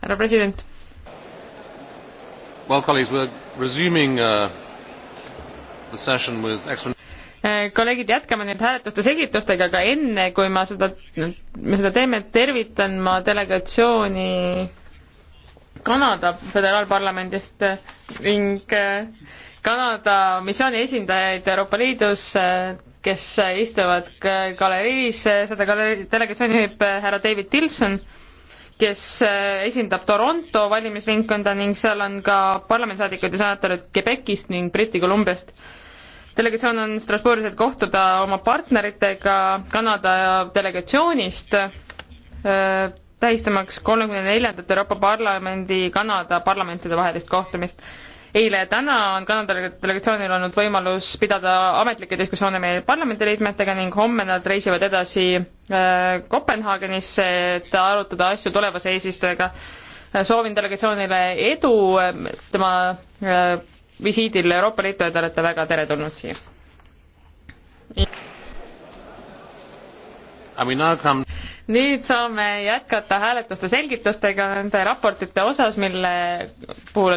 härra president. Well, colleagues, we're resuming uh, the session with explanation äh, kolleegid, jätkame nüüd hääletuste selgitustega, aga enne, kui ma seda, me seda teeme, tervitan ma delegatsiooni Kanada föderaalparlamendist ning äh, Kanada missiooni esindajaid Euroopa Liidus, kes istuvad galeriis, seda galerii, delegatsiooni juhib härra David Tilson, kes esindab Toronto valimisringkonda ning seal on ka parlamendisaadikud ja senaatorid Quebecist ning Briti Kolumbiast delegatsioon on Strasbourgis, et kohtuda oma partneritega Kanada delegatsioonist äh,, tähistamaks kolmekümne neljandat Euroopa Parlamendi Kanada parlamentide vahelist kohtumist eile ja täna on Kanada delegatsioonil olnud võimalus pidada ametlikke diskussioone meie parlamendiliikmetega ning homme nad reisivad edasi äh, Kopenhaagenisse, et arutada asju tulevase eesistujaga. Äh, soovin delegatsioonile edu, äh, tema visiidil Euroopa Liitu ja te olete väga teretulnud siia. nüüd saame jätkata hääletuste selgitustega nende raportite osas, mille puhul